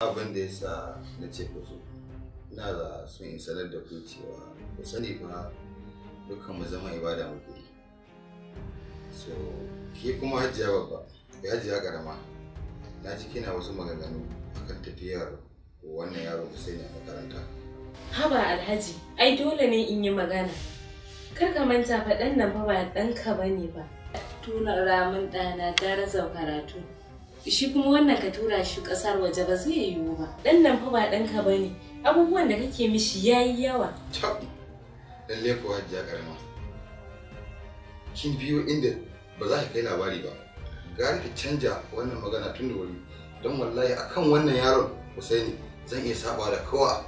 abin da ya sa na ce ku zo ina da son in sanar da ku cewa ku sani fa dukkan mu zama ibada muke yi so ke kuma hajjiya babba ya hajjiya karama na ji kina wasu maganganu akan tafiyar wannan yaro Hussein a makaranta haba alhaji ai dole ne in yi magana kar ka manta faɗan nan fa ba ɗanka bane ba tunar ramin ɗana gara zau karatu shi kuma wannan ka tura shi kasar waje ba zai yiwu ba dan nan fa ba ɗanka ba ne abubuwan da kake mishi ya yi yawa lalle kuwa hajiya karama kin biyo inda ba za ka kai labari ba gari ka canja wannan magana tun da wuri don wallahi akan wannan yaron Husaini zan iya saba da kowa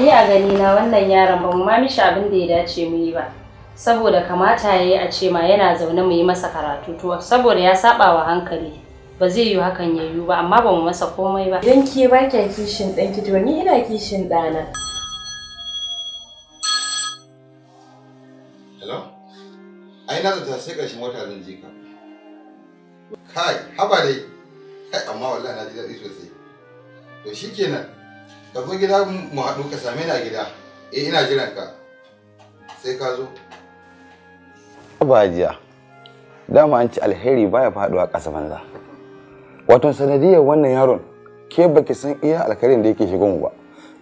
ni a gani na wannan yaron ba mu ma mishi abin da ya dace mu yi ba saboda kamata yayi a ce ma yana zaune mu yi masa karatu to saboda ya saba wa hankali ba zai yi hakan ya yiwu ba amma ba mu masa komai ba idan ke ba kya kishin ki to ni ina kishin ɗana hello ai na zata sai ƙarshen wata zan je ka kai haba dai kai amma wallahi na ji daɗi sosai to shikenan ka zo gida mu haɗu ka same ni a gida eh ina jiran ka sai ka zo ba jiya dama an ci alheri baya faduwa ƙasa banza wato sanadiyar wannan yaron ke baki san iya alkarin da yake shigo mu ba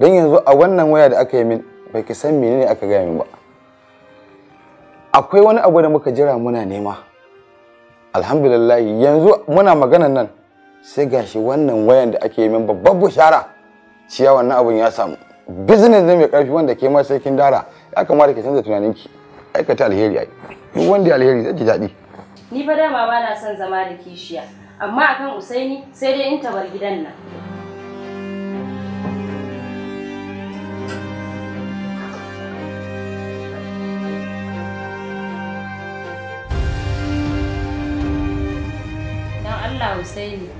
don yanzu a wannan waya da aka yi min baki san menene aka gaya min ba akwai wani abu da muka jira muna nema alhamdulillah yanzu muna maganan nan sai gashi wannan wayan da ake yi min babbar bushara ciya wannan abun ya samu business ne mai karfi wanda ke ma sai kin dara ya kamata ki canza tunaninki aikata alheri ai duk wanda alheri zai ji daɗi ni fa dama ba na son zama da kishiya amma akan usaini sai dai in tabar gidan nan dan Allah usaini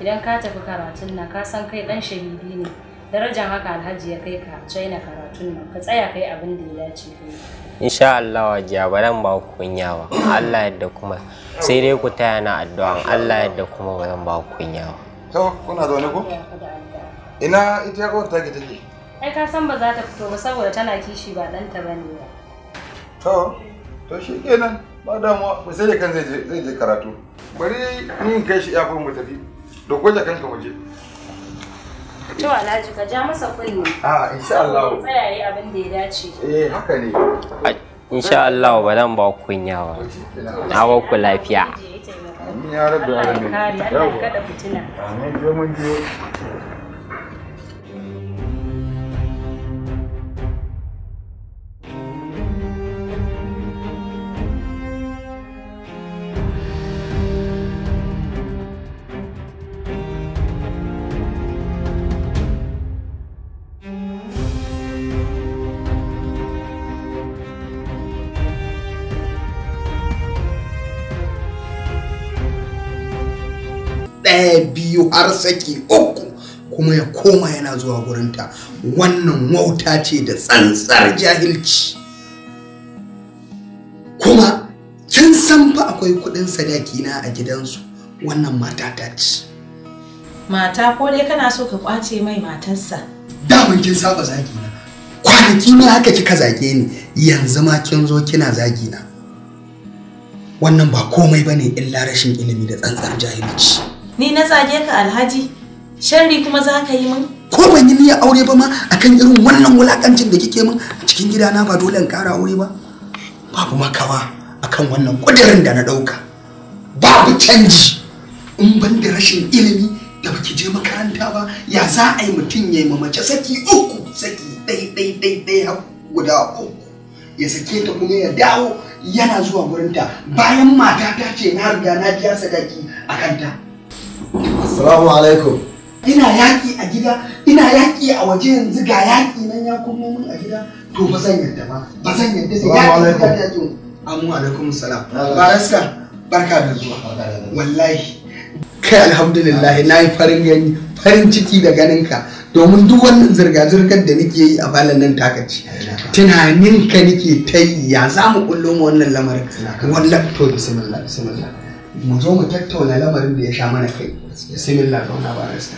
idan ka tafi karatun nan ka san kai dan shahidi ne darajar haka alhaji ya kai ka china karatun nan ka tsaya kai abin da ya dace kai insha Allah wajiya ba zan ba ku kunya ba Allah yadda kuma sai dai ku taya na addu'a Allah yadda kuma ba ba ku kunya ba to kuna zaune ko ina ita ko ta ke take ai ka san ba za ta fito ba saboda tana kishi ba dan ta bane ba to to shi kenan ba mu ba sai da kan zai je karatu bari ni kai shi ya mu tafi da gwaje kanka waje To Alhaji ka ja masa kunne. A ah, insha Allah. yi abin da ya dace. Eh haka ne. Insha Allah ba zan ba kunya ba. Na ba ku lafiya. Amin ya rabbi alamin. Kada fitina. Amin je mun je. ɗaya biyu har saki uku kuma ya koma yana zuwa gurinta wannan wauta ce da tsantsar jahilci kuma kin san fa akwai kuɗin sadaki na a gidansu wannan mata ta ci mata ko dai kana so ka kwace mai matarsa daman kin saba zagi na kwanaki ne haka kika zage ni yanzu ma kin zo kina zagi na wannan ba komai bane illa rashin ilimi da tsantsar jahilci ni na zage ka alhaji sharri kuma za ka yi min ko ban yi niyyar aure ba ma akan irin wannan wulakancin da kike min a cikin gidana ba dole in kara aure ba babu makawa akan wannan kudirin da na dauka babu canji in ban da rashin ilimi da baki je makaranta ba ya za a yi mutum ya yi mace saki uku saki ɗai ɗai ɗai ɗai guda uku ya sake ta kuma ya dawo yana zuwa gurinta bayan mata ta ce na riga na biya sadaki a kanta Assalamu alaikum. Ina yaƙi a gida, ina yaƙi a waje yanzu ga yaƙi nan ya kuma mun a gida. To ba zan yarda ba, ba zan yarda sai yaƙi da yaƙi. Amu alaikum salam. Baraska, barka da zuwa. Wallahi. Kai alhamdulillah na yi farin gani, farin ciki da ganin ka. Domin duk wannan zirga-zirgar da nake yi a falon nan takaci. Tunanin ka nake ta yi ya za mu kullum wannan lamarin. Wallahi to bismillah bismillah. mu zo mu tattauna lamarin da ya sha mana kai bismillah zauna ba rasta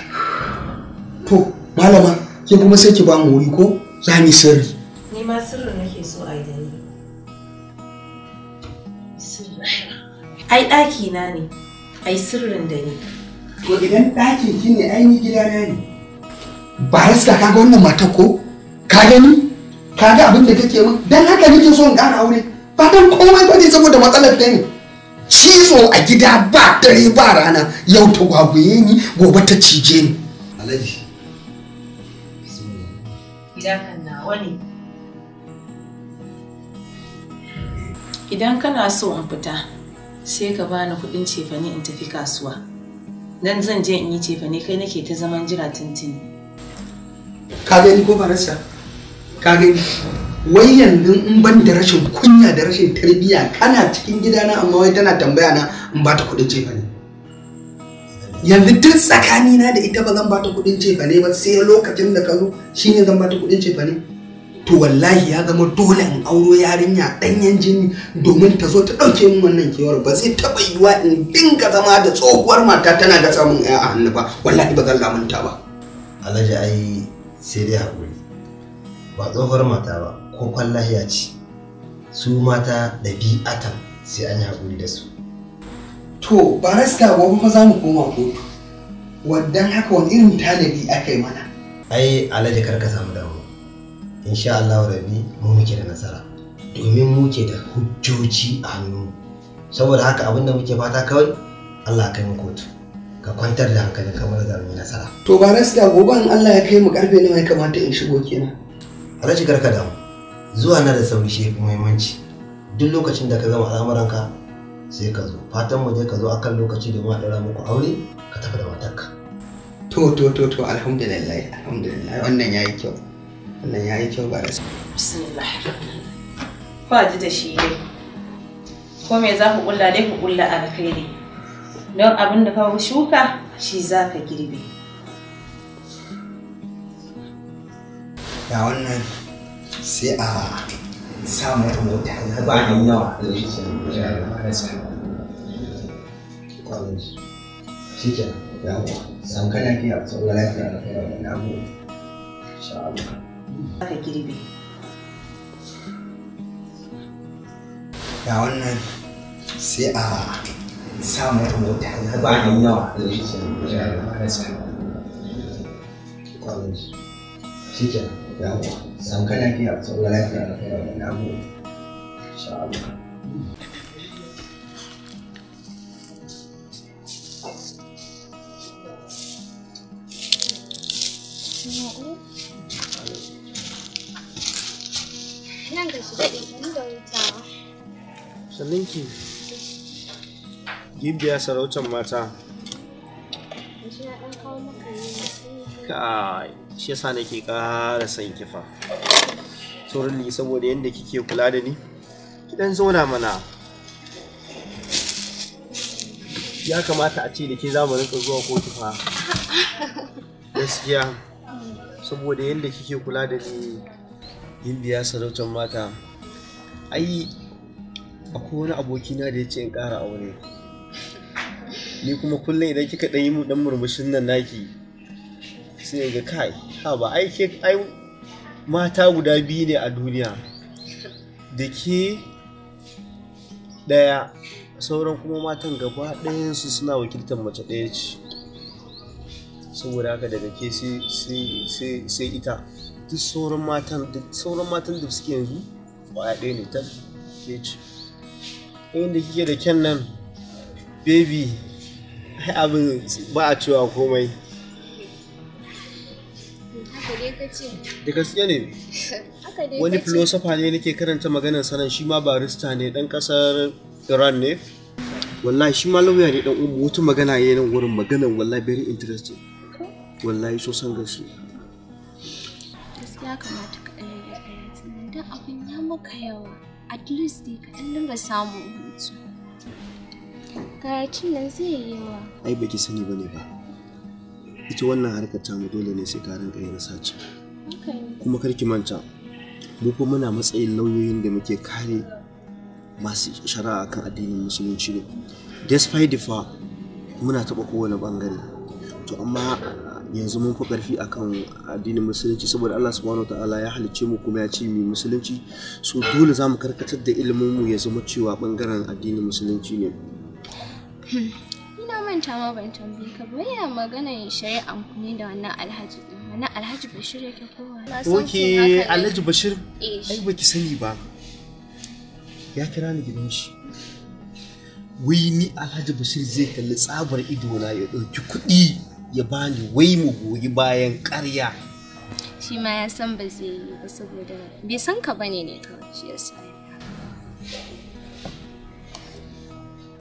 to malama ke kuma sai ki ba mu wuri ko za mu sirri ni ma sirri nake so a yi da ni ai daki na ne ai sirrin da ni to idan ɗakin ki ne ai ni gida na ne ba rasta kaga wannan mata ko ka gani ka ga abin da kake min dan haka nake so in ƙara aure ba dan komai ba ne saboda matsalar da ne cizo a gida ba dare ba rana yau ta gwagwaye ni gobe ta cije ni alhaji idan kana so in fita sai ka bani kudin cefane in tafi kasuwa dan zan je in yi cefane kai nake ta zaman jira tintini ka gani ko barasa ka gani wai yanzu in ban da rashin kunya da rashin tarbiyya kana cikin gidana amma wai tana tambaya na in ba ta kuɗin cefa ne yanzu duk tsakani na da ita ba zan ba ta kuɗin cefa ne ba sai lokacin da ka zo shine zan ba ta kuɗin cefa ne to wallahi ya zama dole in auro yarinya ɗanyen jini domin ta zo ta ɗauke min wannan kewar ba zai taɓa yiwa in dinga zama da tsohuwar mata tana da samun ɗaya a hannu ba wallahi ba zan lamunta ba alhaji ai sai dai haƙuri ba tsohuwar mata ba kokon lahiya ce su mata ɗabi'atan sai an yi haƙuri da su to ba raska gobe ba za mu koma kotu wadda haka wani irin talabi aka yi mana ai alhaji karka samu damu insha Allah rabi mu muke da nasara domin muke da hujjoji a hannu saboda haka abin da muke fata kawai Allah kai mu kotu ka kwantar da hankali kamar da mu nasara to ba raska gobe in Allah ya kai mu karfe ne mai kamata in shigo kenan alhaji karka damu zuwa na da sauri shi fi muhimmanci duk lokacin da ka zama al'amuranka sai ka zo fatan mu je ka zo akan lokaci da a ɗora muku aure ka tafi da matarka to to to to alhamdulillah alhamdulillah wannan yayi kyau wannan yayi kyau ba da bismillah ko ji da shi dai ko me za ku kulla dai ku kulla alkhairi don abin da ka shuka shi za ka girbe ya wannan sai a samu wata mota ya ba ni yawa da shi ke shi ke ya san ka lafiya saboda lafiya na kai da namu insha Allah girbe ga wannan sai a samu wata mota ya ba yawa da shi ke shi ke ya sangkan lagi ya seolah lagi ya namu insyaallah Salinki. kai shi yasa nake ƙara son kifa tsoron saboda yadda kike kula da ni kidan zauna mana ya kamata a ce da ke za mu zuwa kotu fa gaskiya saboda yadda kike kula da ni yin biya sarautar mata ai akwai wani abokina da ya ce in ƙara aure ni kuma kullum idan kika ɗan yi mu ɗan murmushin nan naki sai ga kai ha ba ai ke ai mata guda biyu ne a duniya da ke ɗaya sauran kuma matan gaba ɗayansu suna wakiltar mace ɗaya ce saboda haka daga ke sai ita duk sauran matan da suke yanzu ba ɗaya ne ta ke ce inda kike da kyan nan baby abin ba a cewa komai da gaske ne wani filosofa ne nake karanta maganar sanan shi ma barista ne dan kasar iran ne wallahi shi ma lauya ne dan umu wata magana ya nan wurin magana. wallahi very interesting wallahi so san gaske gaskiya kamata ka ɗaya ya ɗaya tunan abin ya maka yawa at least dai ka ɗan dinga samun hutu karacin nan zai yi yawa ai baki sani bane ba ita wannan harkar mu dole ne sai ka ranka yin sace kuma karki manta mu kuma muna matsayin lauyoyin da muke kare masu shari'a akan addinin musulunci ne despite the fact muna taɓa kowane bangare to amma yanzu mun fi karfi akan addinin musulunci saboda Allah subhanahu ta'ala ya halicce mu kuma ya ce mu musulunci so dole zamu karkatar da ilimin mu ya zama cewa bangaren addinin musulunci ne Ina manta ma ban tambaye ka ba ya magana ya shari amfani da wannan alhaji din. Wannan alhaji Bashir yake kowa. Oke, alhaji Bashir. Eh. Ai baki sani ba. Ya kira ni gidan shi. Wai ni Alhaji Bashir zai kalli tsabar idona ya ɗauki kuɗi ya bani wai mu goyi bayan ƙarya. Shi ma ya san ba zai yi ba saboda bai san ka bane ne kawai shi ya sa.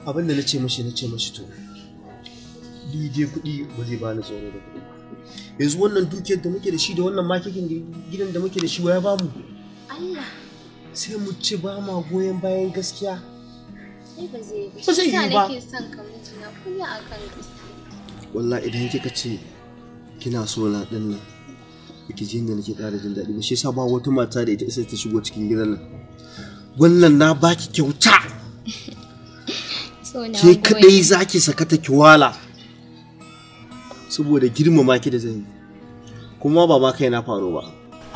abin da na ce mashi na ce mashi to ni dai kuɗi ba zai bani tsoro da kuɗi yanzu wannan dukiyar da muke da shi da wannan makikin gidan da muke da shi waya bamu Allah sai mu ce ba ma goyon bayan gaskiya ba zai yi ba wallahi idan kika ce kina so na din nan ki jin da nake ƙara jin daɗi ba shi yasa ba wata mata da ita isa ta shigo cikin gidan nan wannan na baki kyauta ke kadai zaki sakata ki wala saboda girmama ki da zan yi kuma ba ma kai na faro ba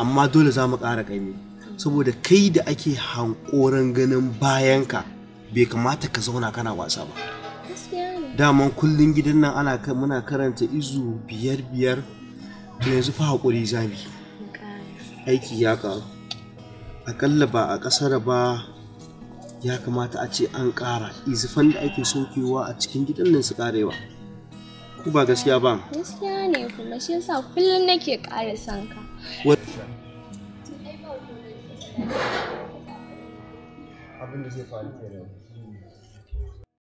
amma dole za mu ƙara ƙaimi saboda kai da ake hankoran ganin bayan ka, bai kamata ka zauna kana wasa ba daman kullum gidan nan ana muna karanta izu biyar biyar to yanzu fa haƙuri zami aiki ya ƙaru aƙalla ba a ƙasar ba ya kamata a ce an ƙara izifan da ake sokewa a cikin gidan nan su ƙarewa ku ba gaskiya ba gaskiya ne kuma shi yasa kullum nake ƙara son abin da zai faru kenan